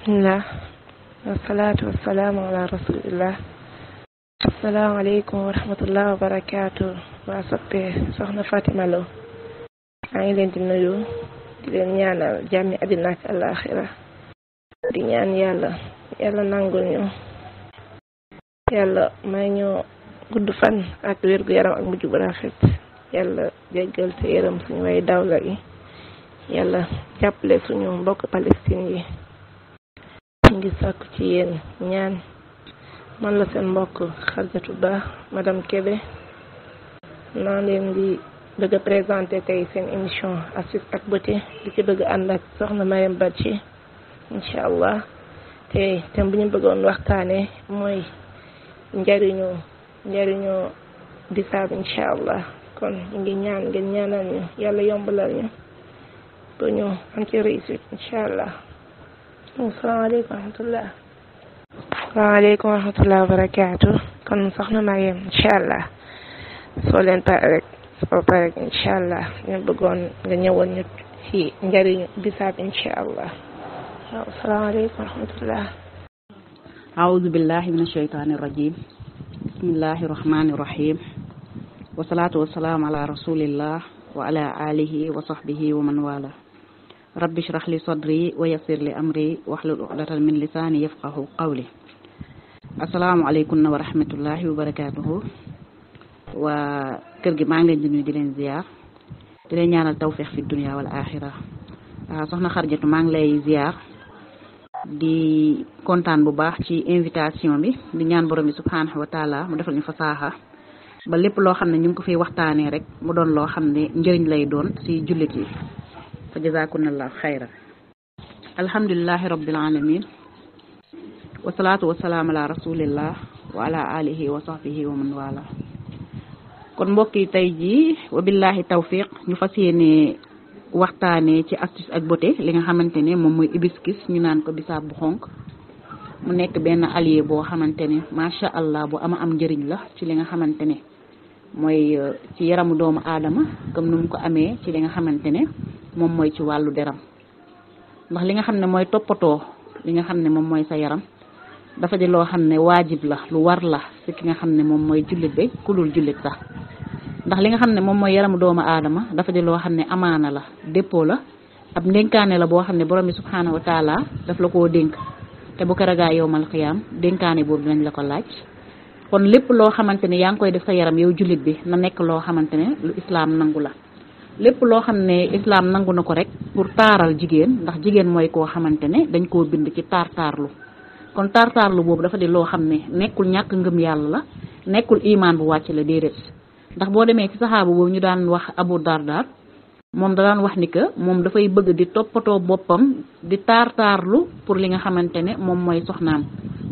bismillah wasalaatu wasalaamu ala rasulillah asalaamaaleykum wa rahmatullah wa soppee soxna Fatima Lo maa ngi leen di nuyu di leen ñaanal jàmmi àddina ak àllaaxira di ñaan yàlla yàlla nangul ñu yàlla may gudd fan ak wérgu yaram ak mujj bu rafet yàlla te yërëm suñu way dawla yi yàlla jàppale suñu mbokk Palestine yi ñu ngi sàkku ci yéen ñaan man la seen mbokk xarjatu ba madame kebe naa leen di bëgg a présenté tey seen émission assis ak beauté di ci bëgg ànd ak soxna mayam bàcci incha allah te thème bu ñu bëggoon waxtaanee mooy njariñu njariñu bisaab incha allah kon ngi ñaan ngeen ñaanal ñu yàlla yombalal ñu ba ñu am ci réussite incha allah السلام عليكم ورحمة الله السلام عليكم ورحمة الله وبركاته كان نصحنا معي إن شاء الله سؤالين طارق سؤال طارق إن شاء الله يبقون غنيون في نجري بساب إن شاء الله السلام عليكم ورحمة الله أعوذ بالله من الشيطان الرجيم بسم الله الرحمن الرحيم والصلاة والسلام على رسول الله وعلى آله وصحبه ومن والاه رب اشرح لي صدري ويسر لي امري واحلل عقدة من لساني يفقه قولي السلام عليكم ورحمة الله وبركاته و كرجي ما عندي نيو دي لين زيار دي لين نيانال توفيق في الدنيا والاخرة سوخنا خرجت ما عندي زيار di kontaan bu baax ci invitation bi di ñaan borom bi subhanahu wa ta'ala mu defal ñu fasaha ba lépp loo xam ne ñu ngi ko fiy waxtaanee rek mu doon loo xam ne njëriñ fa jazakunallahu xayran alhamdulilahi rabbil alamin wasalaatu wasalaam ala rasulillah wa ala alihi wa sahbihi wa man wala kon mbokk yi tey jii wa billahi tawfiq ñu fas yéene waxtaanee ci astuce ak beauté li nga xamante ne moom mooy hibiscus ñu naan ko bisaab bu xonk mu nekk benn allié boo xamante ne macha allah bu ama am njariñ la ci li nga xamante ne mooy euh, ci yaramu doomu aadama comme nu ko amee ci li nga xamante ne moom mooy ci wàllu deram ndax li nga xam ne mooy toppatoo li nga xam ne moom mooy sa yaram dafa di loo xam ne waajib la lu war la si ki nga xam ne moom mooy jullit bi ku dul jullit sax ndax li nga xam ne moom mooy yaramu doomu aadama dafa di loo xam ne amaana la déppo la ab ndénkaane la boo xam ne borom bi subhaanahu wa taala daf la koo dénk te bu ko ragaa yowmal xiyaam dénkaane boobu nañ la ko laaj kon lépp loo xamante ne yaa ngi koy def sa yaram yow jullit bi na nekk loo xamante ne lu islaam nangu la lépp loo xam ne islam nangu na ko rek pour taaral jigéen ndax jigéen mooy koo xamante ne dañ koo bind ci taartaarlu kon taartaarlu boobu dafa di loo xam ne nekkul ñàkk ngëm yàlla la nekkul imaan bu wàcc la déedéet ndax boo demee ci saxaaba boobu ñu daan wax abu dardar moom da daan wax ni que moom dafay bëgg di toppatoo boppam di taar taartaarlu pour li nga xamante ne moom mooy soxnaam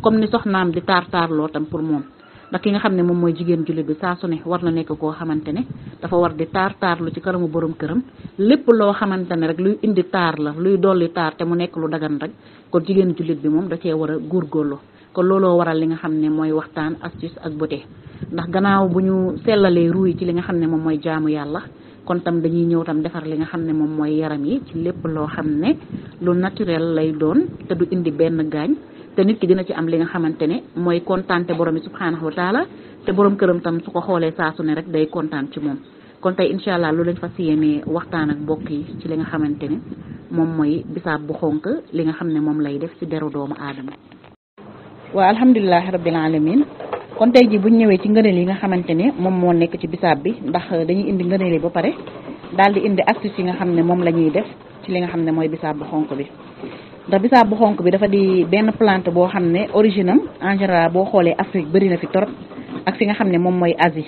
comme ni soxnaam di taar taartaarloo tam pour moom ndax ki nga xam ne moom mooy jigéen jullit bi saa su ne war na nekk koo xamante ne dafa war di taar taarlu ci këramu borom këram lépp loo xamante ne rek luy indi taar la luy dolli taar te mu nekk lu dagan rek kon jigéen jullit bi moom da war a góorgóorlu kon looloo waral li nga xam ne mooy waxtaan astuce ak beauté ndax gannaaw bu ñu sellalee ruu yi ci li nga xam ne moom mooy jaamu yàlla kon tam dañuy ñëw tam defar li nga xam ne moom mooy yaram yi ci lépp loo xam ne lu naturel lay doon te du indi benn gaañ te nit ki dina ci am li nga xamante ne mooy kontaante borom bi subhaanahu wa taala te borom këram tam su ko xoolee saa su ne rek day kontaan ci moom kon tey incha allah lu leen waxtaan ak mbokk yi ci li nga xamante ne moom mooy bisaab bu xonk li nga xam ne moom lay def ci deru doomu aadama. waa waaw alhamdulilah rabbil alamin kon tey jii bu ñu ñëwee ci ngëneel yi nga xamante ne moom moo nekk ci bisaab bi ndax dañuy indi ngëneel yi ba pare daal di indi astuce yi nga xam ne moom la ñuy def ci li nga xam ne mooy bisaab bu xonk bi. ndax bisa bu xonk bi dafa di benn plante boo xam ne origine en général boo xoolee afrique bëri na fi torop ak fi nga xam ne moom mooy asie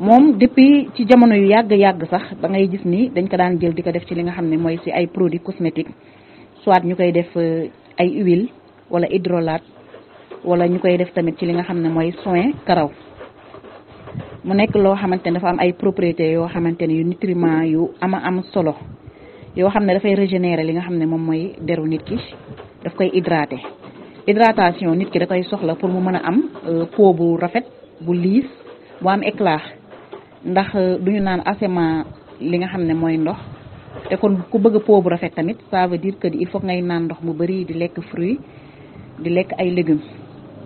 moom depuis ci jamono yu yàgg yàgg sax da ngay gis ni dañ ko daan jël di ko def ci li nga xam ne mooy si ay produits cosmétiques soit ñu koy def euh, ay huile wala hydrolat wala ñu koy def tamit ci li nga xam ne mooy soin karaw mu nekk loo xamante ne dafa am ay propriété yoo xamante ne yu nutriments yu ama am solo yoo xam ne dafay régénérer li nga xam ne moom mooy deru nit ki daf koy hydrater hydratation nit ki da koy soxla pour mu mën a am euh, peau bu rafet bu liis moo am éclat ndax euh, du duñu naan assainiment li nga xam ne mooy ndox te kon ku bëgg peau bu rafet tamit ça veut dire que il faut ngay naan ndox mu bëri di lekk fruit di lekk ay légumes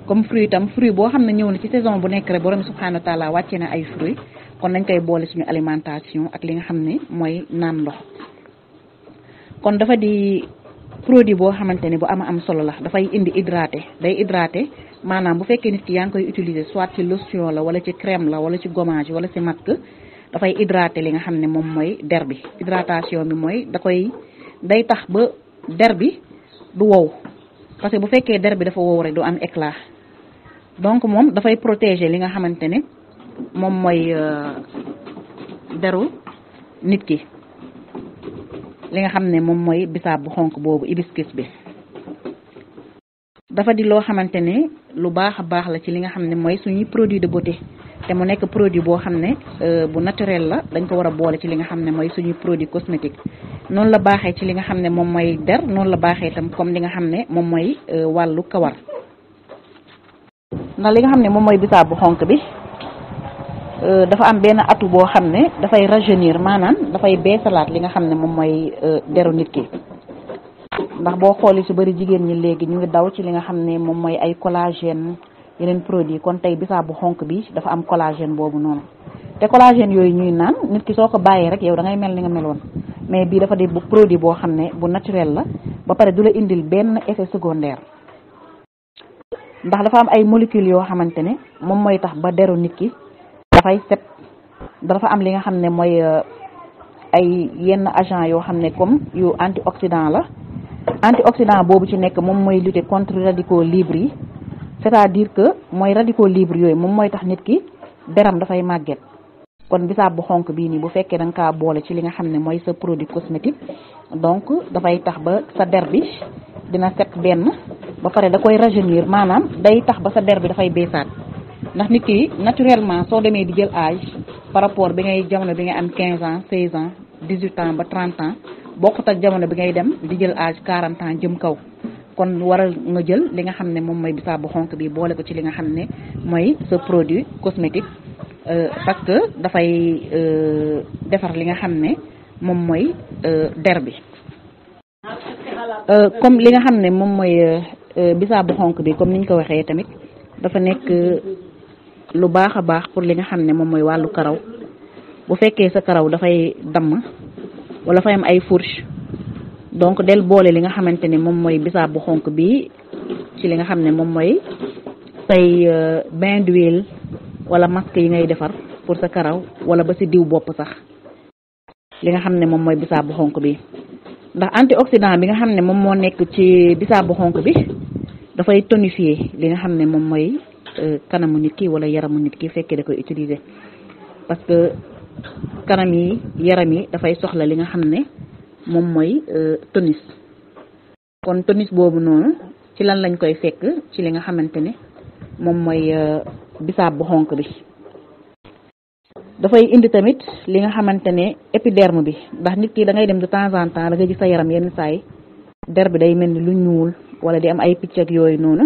comme fruit itam fruit boo xam ne ñëw na ci saison bu nekk rek borom subhanahu wa taala wàcce na ay fruit kon nañ koy boole suñu alimentation ak li nga xam ne mooy naan ndox kon dafa di produit boo xamante ne bu ama am solo la dafay indi hydraté day hydraté maanaam bu fekkee nit ki yaa ngi koy utiliser soit ci lotion la wala ci crème la wala ci gommage wala ci masque dafay hydraté li nga xam ne moom mooy der bi hydratation bi mooy da day tax ba der bi du wow parce que bu fekkee der bi dafa wow du am éclat donc moom dafay protéger li nga xamante ne moom mooy euh, deru nit ki li nga xam ne moom mooy bisaab bu xonk boobu hibiscus bi dafa di loo xamante ne lu baax a baax la ci li nga xam ne mooy suñuy produit de beauté te mu nekk produit boo xam ne euh, bu naturel la dañ ko war a boole ci li nga xam ne mooy suñuy produit cosmétique noonu la baaxee ci li nga xam ne moom mooy der noonu la baaxee itam comme li nga xam ne moom mooy euh, wàllu kawar ndax li nga xam ne moom mooy bisaab bu xonq bi Euh, dafa am benn atu boo xam ne dafay rajeunir maanaam dafay beesalaat li nga xam ne moom mooy euh, deru nit ki ndax boo xoolee su bëri jigéen ñi léegi ñu ngi daw ci li nga xam ne moom mooy ay collagène yeneen produit kon tey bisaab bu xonk bi dafa am collagène boobu noonu te collagène yooyu ñuy naan nit ki soo ko bàyyee rek yow da ngay mel ni nga meloon mais bii dafa de bu produit boo xam ne bu naturel la ba pare du la indil benn effet secondaire ndax dafa am ay molécules yoo xamante ne moom mooy tax ba deru nit dafay set dafa am li nga xam ne mooy euh, ay yenn agent yoo xam ne comme yu antioxydant la antioxydant boobu ci nekk moom mooy lutter contre radicaux libre yi c'est-à-dire que mooy radicaux libre yooyu moom mooy tax nit ki deram dafay màgget kon bisaab bu xonk bii nii bu fekkee da kaa boole ci li nga xam ne mooy sa produit cosmétique donc dafay tax ba sa der bi dina set benn ba pare da koy rajeunir maanaam day tax ba sa der bi dafay beesaat ndax nit ki naturellement soo demee di jël âge par rapport bi ngay jamono bi ngay am 15 ans 16 ans 18 ans ba 30 ans bokkut ak jamono bi ngay dem di jël âge 40 ans jëm kaw kon waral nga jël li nga xam ne moom mooy bisaab bu xonk bi boole ko ci li nga xam ne mooy produit cosmétique euh, parce que dafay euh, defar li nga xam ne moom mooy euh, der bi comme li nga xam ne moom mooy bisaab xonk bi comme niñ ko waxee tamit dafa nekk lu baax a baax pour li nga xam ne moom mooy wàllu karaw bu fekkee sa karaw dafay damm wala fay am ay fourche donc del boole li nga xamante ni moom mooy bisaab bu xonk bi ci li nga xam ne moom mooy say euh, bain d'huile wala masque yi ngay defar pour sa karaw wala ba si diw bopp sax li nga xam ne moom mooy bisaab bu xonk bi ndax antioxydant bi nga xam ne moom moo nekk ci bisaab bu xonk bi dafay tonifier li nga xam ne moom mooy Euh, kanamu nit ki wala yaramu nit ki fekkee da koy utiliser parce que kanam yi yaram yi dafay soxla li nga xam ne moom mooy euh, tonis kon tonis boobu noonu ci lan lañ koy fekk ci li nga xamante ne moom mooy euh, bisaab bu xonk bi dafay indi tamit li nga xamante ne épiderme bi ndax nit ki da dem de temps en temps da ngay gis sa yaram yenn saay der bi day mel ni lu ñuul wala di am ay picc ak yooyu noonu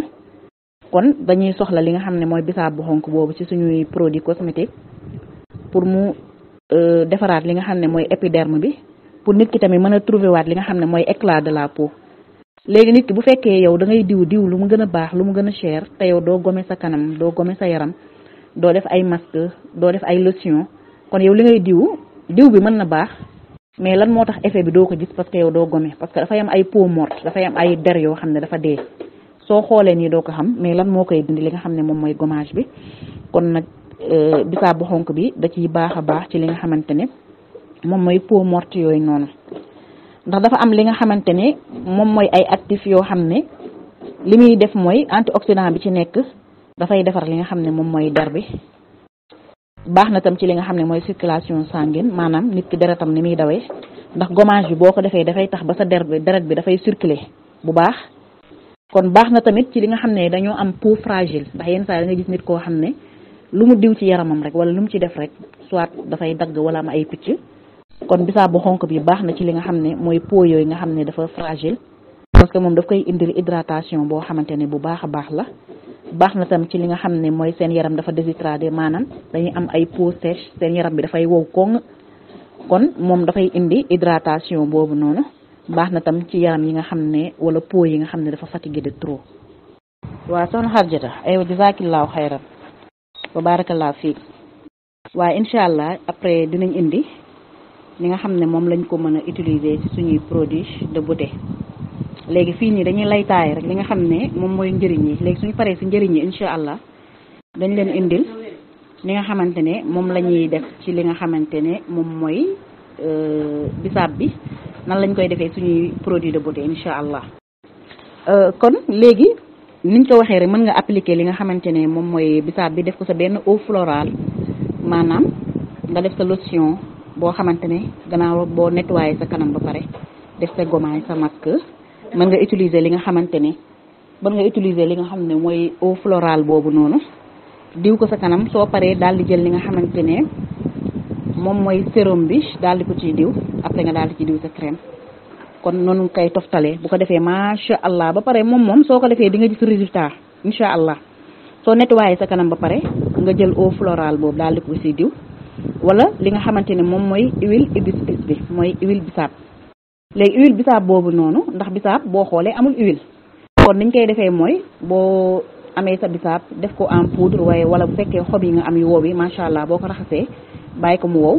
kon dañuy soxla li nga xam ne mooy bisaab bu xonk boobu ci suñuy produit cosmétique pour mu euh, defaraat li nga xam ne mooy épiderme bi pour nit ki tamit mën a trouver waat li nga xam ne mooy éclat de la peau léegi nit ki bu fekkee yow da ngay diw diw lu mu gën a baax lu mu gën a cher te yow doo gome sa kanam doo gome sa yaram doo def ay masque doo def ay lotion kon yow li ngay diw diw bi mën na baax mais lan moo tax efe bi doo ko gis parce que yow doo parce que dafay am ay peau morte dafay am ay der yoo xam ne dafa dee soo xoolee nii doo ko xam mais lan moo koy dindi li nga xam ne moom mooy gommage bi kon nag euh, bisaab bu xonk bi da ciy baax a baax ci li nga xamante ne moom mooy peau morte yooyu noonu ndax dafa am li nga xamante ne moom mooy ay actif yoo xam ne li muy def mooy antioxydant bi ci nekk dafay defar li nga xam ne moom mooy der bi baax na tam ci li nga xam ne mooy circulation sanguine maanaam nit ki deretam ni muy dawee ndax gommage bi boo ko defee dafay tax ba sa der bi deret bi dafay circuler bu baax kon baax na tamit ci li nga xam ne dañoo am peau fragile ndax yenn saa da nga gis nit koo xam ne lu mu diw ci yaramam rek wala lu mu ci def rek soit dafay dagg wala am ay picc kon bisaab bu xonk bi baax na ci li nga xam ne mooy peau yooyu nga xam ne dafa fragile parce que moom daf koy indil hydratation boo xamante ne bu baax a baax la baax na tam ci li nga xam ne mooy seen yaram dafa déshydraté maanaam dañuy am ay peau sèche seen bi dafay wow koŋ kon moom dafay indi hydratation boobu noonu baax na tam ci yaram yi nga xam ne wala po yi nga xam ne dafa fatigué de trop. waa soxna Xarjata aywa jazaakillaahu xayran wa baarakallaa fiik waa incha allah après dinañ indi li nga xam ne moom lañ ko mën a utiliser ci suñuy produit de beauté léegi fii nii dañuy laytaay rek li nga xam ne moom mooy njëriñ yi léegi suñu paree si njëriñ yi incha allah dañ leen indil li nga xamante ne moom la ñuy def ci li nga xamante ne moom mooy euh, bisaab bi nan lañ koy defee suñuy produit de beauté incha allah. Euh, kon léegi niñ ko waxee rek mën nga appliquer li nga xamante ne moom mooy bisaab bi def ko sa benn eau florale maanaam nga def sa lotion boo xamante ne gannaaw boo nettoyé sa kanam ba pare def sa gomaay sa masque mën nga utiliser li nga xamante ne mën nga utiliser li nga xam ne mooy eau florale boobu noonu diw ko sa kanam soo paree daal di jël li nga xamante ne. moom mooy sérum bi daal di ko ciy diw après nga daal di ci diw sa kon noonu nga koy toftalee bu ko defee macha allah ba pare moom moom soo ko defee di nga gis résultat incha allah soo nettoyé sa kanam ba pare nga jël eau boobu daal di ko ciy diw wala li nga xamante ne moom mooy huile hibiscus bi mooy huile bisaab léegi huile bisaab boobu noonu ndax bisaab boo xoolee amul huile kon niñ koy defee mooy boo amee sa bisaab def ko en poudre waaye wala bu fekkee xob yi nga am yu woow macha allah boo ko raxasee bàyyi ko mu wow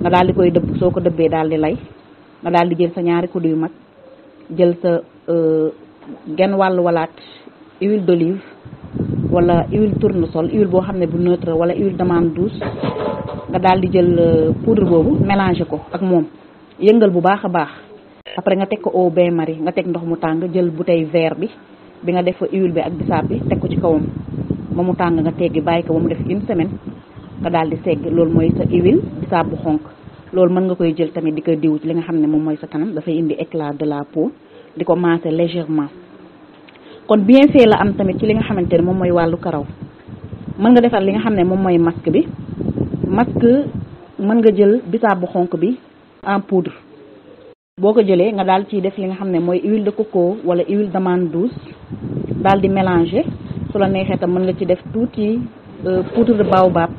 nga daal di koy dëbb soo ko dëbbee daal di lay nga daal di jël sa ñaari kuddu yu mag jël sa euh, genn wàll walaat huile d'olive wala huile tournesol huile boo xam ne bu neutre wala huile demande douce nga dal di jël euh, poudre boobu mélanger ko ak moom yëngal bu baax a baax après nga teg ko au bain marie nga teg ndox mu tàng jël bouteille verre bi bi nga def fa huile bi ak bisaab bi teg ko ci kawam ba mu tàng nga teggi bàyyi ko ba mu def une semaine nga daal di segg loolu mooy sa huile bu xonk loolu mën nga koy jël tamit di ko diw ci li nga xam ne moom mooy sa kanam dafay indi éclat de la peau di ko masser légèrement kon bien fait la am tamit ci li nga xamante ne moom mooy wàllu karaw mën nga defar li nga xam ne moom mooy mag bi masque mën nga jël bisaab bu xonk bi en poudre boo ko jëlee nga daal ciy def li nga xam ne mooy huile de coco wala huile d'amande douce daal di mélanger su la neexee tam mën nga ci def tuuti euh, poudre de baobab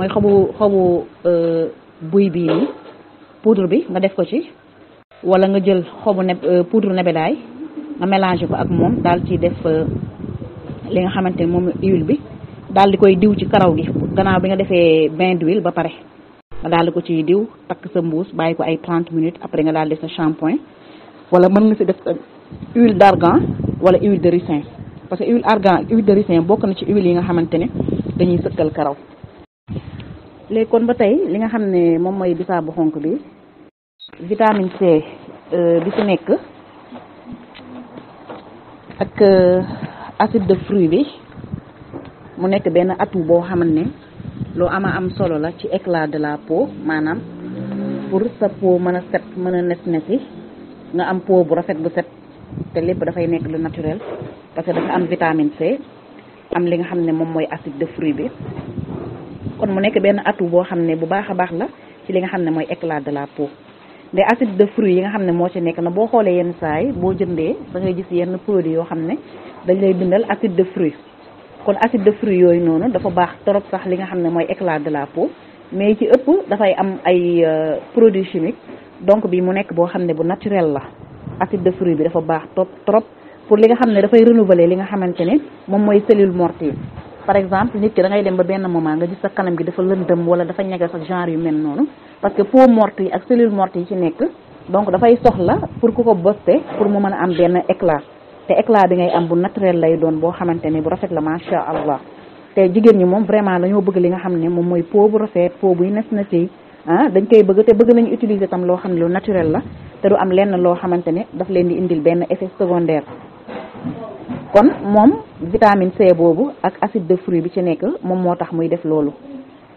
mooy xobu xobu euh, buy bii nii poudre bi nga def ko ci wala nga jël xobu ne euh, poudre nebedaay nga mélangé ko ak moom daal ci def euh, li nga xamante ne moom huile bi daal di koy diw ci karaw gi gannaaw bi nga defee bain d'huile ba pare nga daal di ko ciy diw takk sa mbuus bàyyi ko ay 30 minutes après nga daal def sa shampoing wala mën nga si def sa huile d'argan wala huile de ricin parce que huile argan huile de ricin bokk na ci huile yi nga xamante ne dañuy sëkkal karaw léegi kon ba tey li nga xam ne moom mooy bisaabu xonk bi vitamine C euh, bi ci nekk ak euh, acide de fruit bi mu nekk benn atu boo xamante ne loo ama am solo la ci éclat de la peau maanaam pour sa peau mën a set mën a nes nesi nga am peau bu rafet bu set te lépp dafay nekk lu naturel parce que dafa am vitamine C am li nga xam ne moom mooy acide de fruit bi kon mu nekk benn atout boo xam ne bu baax a baax la ci li nga xam ne mooy éclat de la peau de acide de fruit yi nga xam ne moo ci nekk na boo xoolee yenn saay boo jëndee da ngay gis yenn produit yoo xam ne dañ lay bindal acide de fruit kon acide de fruit yooyu noonu dafa baax trop sax li nga xam ne mooy éclat de la peau mais ci ëpp dafay am ay euh, produits chimiques donc bi mu nekk boo xam ne bu naturel la acide de fruit bi dafa baax trop trop pour li nga xam ne dafay renouveler li nga xamante ne moom mooy cellule morte yi par exemple nit ki da dem ba benn moment nga gis sa kanam gi dafa lëndëm wala dafa ñagas ak genre yu mel noonu parce que peau morte yi ak cellule morte yi ci nekk donc dafay soxla pour ku ko boste pour mu mën a am benn éclat te éclat bi ngay am bu naturel lay doon boo xamante ne bu rafet la macha allah te jigéen ñi moom vraiment dañoo bëgg li nga xam ne moom mooy peau bu rafet peau buy nes na ci ah dañ koy bëgg te bëgg nañu utiliser tam loo xam ne lu naturel la te am lenn loo xamante ne daf leen di indil benn effet secondaire kon moom vitamin C boobu ak acide de fruit bi ci nekk moom moo tax muy def loolu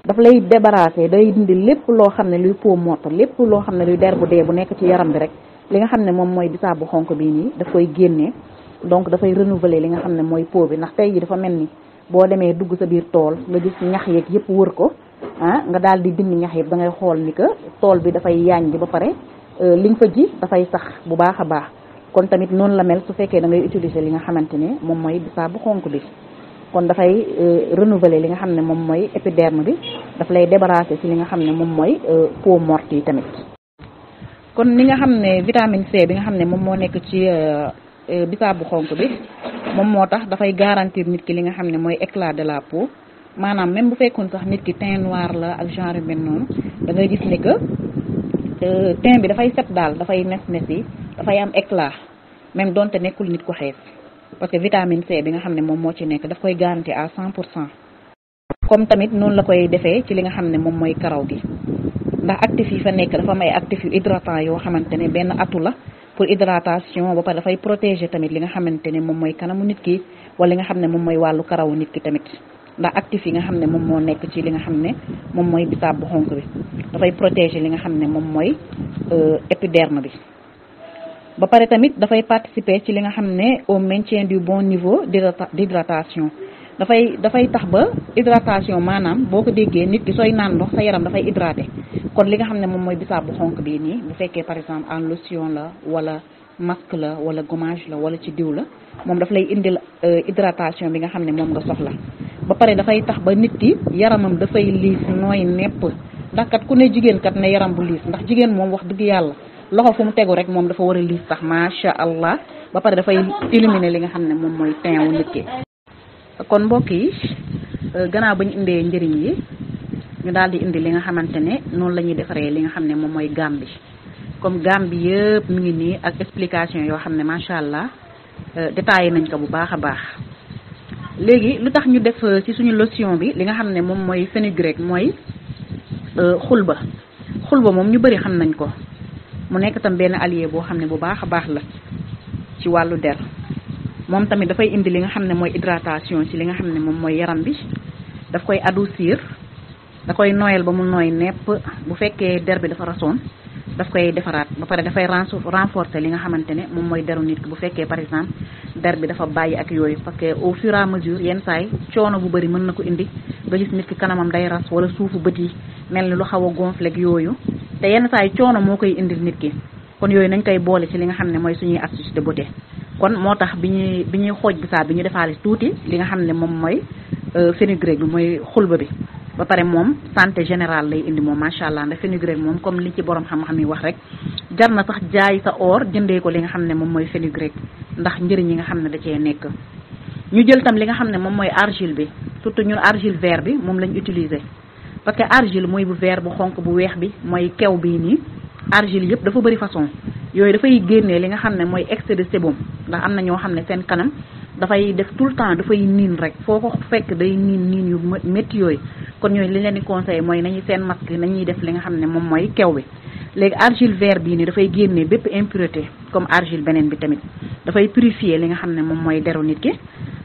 dafa lay débarrasser day dindi lépp loo xam ne luy peau morte lépp loo xam ne luy der bu dee bu nekk ci yaram bi rek li nga xam ne moom mooy bisaab bu xonk bii nii daf koy génnee donc dafay renouveler li nga xam ne mooy peau bi ndax tey ji dafa mel ni boo demee dugg sa biir tool nga gis ñax yeeg yëpp wër ko ah nga daal di dindi ñax yëpp da ngay xool ni que tool bi dafay yaañ bi ba pare euh, li nga fa ji dafay sax bu baax a baax kon tamit noonu la mel su fekkee da ngay utiliser li nga xamante ne moom mooy bu xonk bi kon dafay euh, renouveler li nga xam ne moom mooy épiderme bi daf lay débarrasser li nga xam ne moom mooy euh, peau morte tamit. kon li nga xam ne vitamine C bi nga xam ne moom moo nekk ci euh, bu xonk bi moom moo tax dafay garantir nit ki li nga xam ne mooy éclat de la peau maanaam même bu fekkoon sax nit ki teint noir la ak genre yu noonu da ngay gis ne teint bi dafay set dal dafay nes nes dafay am éclat même donte nekul nit ku xees parce que vitamine C bi nga xamne mom mo ci nek daf koy garanti à 100% comme tamit non la koy defé ci li nga xamne mom moy karaw gi ndax actif yi fa nek dafa may actif yu hydratant yo xamantene ben benn atu la pour hydratation ba pare dafay protéger tamit li nga xamantene mom moy kanamu nit ki wala li nga xamne mom moy walu karaw nit ki tamit ndax actif yi nga xam mom mo moo nekk ci li nga xam mom moy bisab honk bi da fay protéger li nga xam mom moy euh épiderme bi ba paré tamit da fay participer ci li nga xam au maintien du bon niveau d'hydratation da fay da fay tax ba hydratation manam boko déggé nit ki soy naan ndox sa yaram dafay hydraté kon li nga xam mom moy bisab honk bi ni bii nii bu fekkee par exemple en lotion la wala masque la wala gommage la wala ci diw la mom daf lay indil euh, hydratation bi nga xam mom nga soxla ba pare fay tax ba nit ki yaramam fay liis noy nepp ndax kat ku ne jigen kat ne yaram bu liis ndax jigen mom wax dëgg yalla loxo fu mu tegu rek moom dafa wara a tax ma sha allah ba pare fay illuminer li nga xam mom moy mooy teint wu nit ki kon mbokk yi euh, gëna bañ indé ndëriñ yi ñu daldi indi li nga xamantene non lañuy la li nga xam mom moy gambi comme gambi yépp mi ngi ni ak explication yo xam ma sha allah euh, détaillé nañ ko bu baaxa baax léegi lu tax ñu def euh, ci suñu lotion bi li nga xam ne moom mooy fenugrec mooy euh, ba xul ba moom ñu bëri xam nañ ko mu nekk tam benn allié boo xam ne bu baax a baax la ci wàllu der moom tamit dafay indi li nga xam ne mooy hydratation ci li nga xam ne moom mooy yaram bi daf koy adoucir da koy noyal ba mu nooy nepp bu fekkee der bi dafa rasoon daf koy defaraat ba pare dafay renforcer li nga xamante ne moom mooy deru nit ki bu fekkee par exemple der bi dafa bàyyi ak yooyu parce que au fur à mesure yenn saay coono bu bëri mën na ko indi nga gis nit ki kanamam day ras wala suufu bët yi mel ni lu xaw a gonfle ak yooyu te yenn saay coono moo koy indil nit ki kon yooyu nañ koy boole ci li nga xam ne mooy suñuy astuce de beauté kon moo tax bi ñuy bi ñuy xooj bisaab bi ñu defaale tuuti li nga xam ne moom mooy euh, fenugrec bi mooy xulba bi ba pare moom santé général lay indi moom macha allah ndax fenugrec moom comme li ci borom xam-xam yi wax rek jar na sax jaay sa or jëndee ko li nga xam ne moom mooy fenugrec ndax njëriñ yi nga xam ne da cee nekk ñu jël tam li nga xam ne moom mooy argile bi surtout ñu argile vert bi moom lañ utiliser parce que argile mooy bu vert bu xonk bu weex bi mooy kew bii nii argile yëpp dafa bëri façon yooyu dafay génne li nga xam ne mooy excès de sébum ndax am na ñoo xam ne seen kanam dafay def tout le temps dafay niin rek foo ko fekk day niin niin yu métti yooyu kon ñooyu li leen di conseillé mooy nañu seen masque nañuy def li nga xam ne moom mooy kew bi léegi argile vert bii nii dafay génnee bépp impureté comme argile beneen bi tamit dafay purifier li nga xam ne moom mooy deru nit ki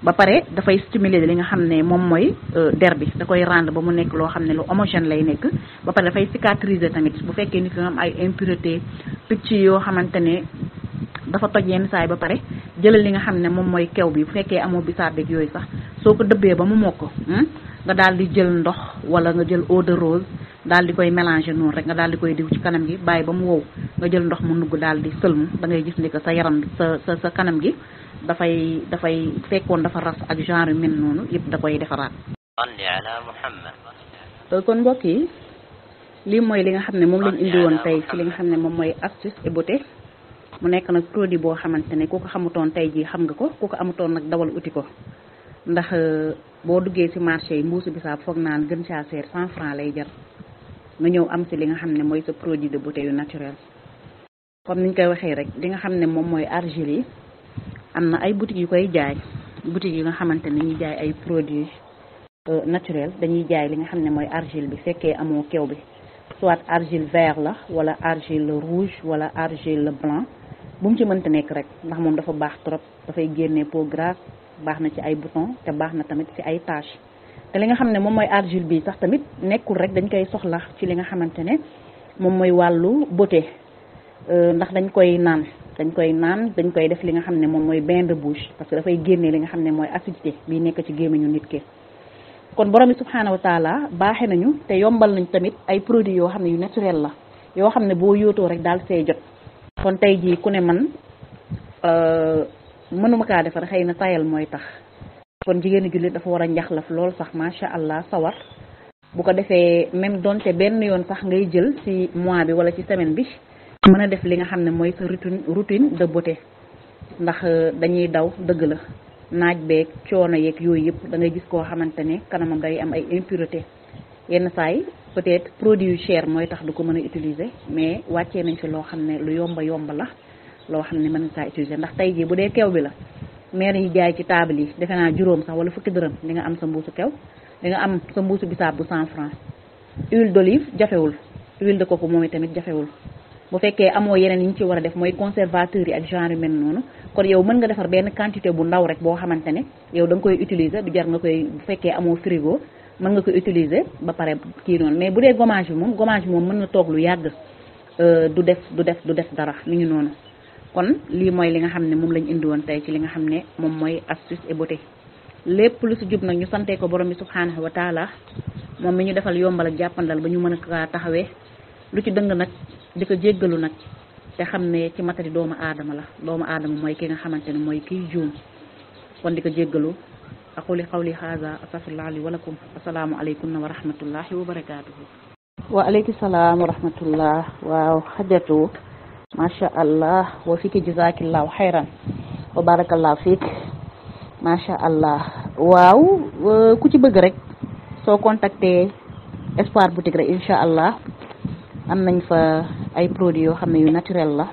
ba pare dafay stimuler li nga xam ne moom mooy euh, der bi da koy rendre ba mu nekk loo xam ne lu homogène lay nekk ba pare dafay cicatriser tamit bu fekkee nit ki nga am ay impureté picc yoo xamante ne dafa toj yenn saay ba pare jëlal li nga xam ne moom mooy kew bi bu fekkee amoo bisaab beeg yooyu sax soo ko dëbbee ba mu mokk hmm, nga daal di jël ndox wala nga jël eau de rose daal di koy mélanger noonu rek nga daal di koy diw ci kanam gi bàyyi ba mu wow nga jël ndox mu nugg daal di sëlmu dangay gis ni que sa yaram sa sa kanam gi dafay dafay fekkoon dafa ras ak genre yu mel noonu yëpp da koy defaraat. Euh, kon mbokk yi lii mooy li nga xam ne moom lañ li nga xam ne moom mooy astuce et mu nekk nag produit boo xamante ne ku ko xamutoon tey jii xam nga ko ku ko amutoon nag dawal uti ko ndax euh, boo duggee ci marché yi mbuusu bisaab foog naan gën saa seer cent franc lay jar. nga ñëw am si li nga xam ne mooy sa produit de beauté yu naturel comme niñ koy waxee rek li nga xam ne moom mooy argile yi am na ay boutiques yu koy jaay boutiques yi nga xamante ne ñuy jaay ay produits euh, naturels dañuy jaay li nga xam ne mooy argile bi fekkee amoo kew bi soit argile vert la wala argile rouge wala argile blanc bu mu ci mënta nekk rek ndax moom dafa baax trop dafay génne peau grasse baax na ci ay boutons te baax na tamit ci ay taches te li nga xam ne moom mooy argile bi sax tamit nekkul rek dañ koy soxla ci li nga xamante ne moom mooy wàllu beauté euh, ndax dañ koy naan dañ koy naan dañ koy def li nga xam ne moom mooy bain de parce que dafay génnee li nga xam ne mooy acidité bi nekk ci gémmiñu nit ki kon borom bi subhaanahu wa taala baaxe nañu te yombal nañ tamit ay produit yoo xam ne yu naturel la yoo xam ne boo yootoo rek daal see jot kon tey jii ku ne man euh, mënuma kaa defar xëy na tayal mooy tax kon jigéenu jullit dafa war a njaxlaf lool sax macha allah sawar bu ko defee même donte benn yoon sax ngay jël ci mois bi wala ci semaine bi mën a def li nga xam ne mooy sa routine routine de ndax euh, dañuy daw dëgg la naaj beeg coono yeeg yooyu yëpp da ngay gis koo xamante ne kanamam day am ay impureté yenn saay peut-être produit yu cher mooy tax du ko mën a utiliser mais wàccee nañ si loo xam ne lu yomba yomba la loo xam ne mën nga saa utiliser ndax tey jii bu dee kew bi la meer yi jaay ci taabal yi defe naa juróom sax wala fukki dërëm di nga am sa mbuusu kew di nga am sa mbuusu bisaab bu cent franc huile d'olive jafewul huile de ko moom tamit jafewul bu fekkee amoo yeneen yi ñu ci war a def mooy conservateur yi ak genre yu mel noonu kon yow mën nga defar benn quantité bu ndaw rek boo xamante ne yow da nga koy utiliser du jar nga koy bu fekkee amoo frigo mën nga koy utiliser ba pare kii noonu mais bu dee gommage bi moom gommage bi mën na toog lu yàgg euh, du def du def du def dara mi ngi noonu kon lii mooy li nga xam ne moom lañ indi woon tey ci li nga xam ne moom mooy astuce et lépp lu si jub nag ñu santee ko borom bi subhanahu wa taala moom mi ñu defal yombal ak jàppandal ba ñu mën a kaa taxawee lu ci dëng nag di ko jéggalu nag te xam ne ci matari doomu aadama la doomu aadama mooy ki nga xamante ne mooy kiy juum kon di ko jéggalu aquli qawli haza astaghfirullah li wa lakum assalaamu aleykum na rahmatullahi wa barakaatuhu wa aleykum salaam wa rahmatullah waaw xajatu macha allah wa fiki jazakillahu xayran wa barakallahu fiik macha allah waaw euh, ku ci bëgg rek soo contacter Espoir boutique rek incha allah am nañ fa ay produits yoo xam ne yu naturel la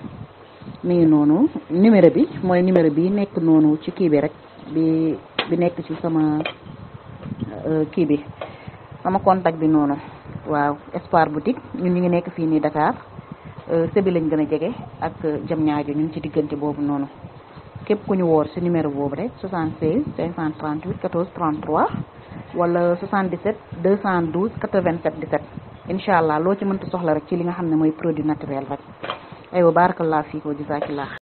mi ngi noonu numéro bi mooy numéro bi nekk noonu ci kii bi rek bi bi nekk ci sama euh, kii bi sama contact bi noonu waaw Espoir boutique ñun ñu ngi nekk fii nii Dakar. Euh, Sébi lañ gën a jege ak Diamniadio euh, ñu ngi ci diggante boobu noonu képp ku ñu woor si numéro boobu rek 76 538 14 33 wala 77 212 87 17 incha allah loo ci mënta soxla rek ci li nga xam ne mooy produit naturel rek aywa baarakallah fiiko jazaakillah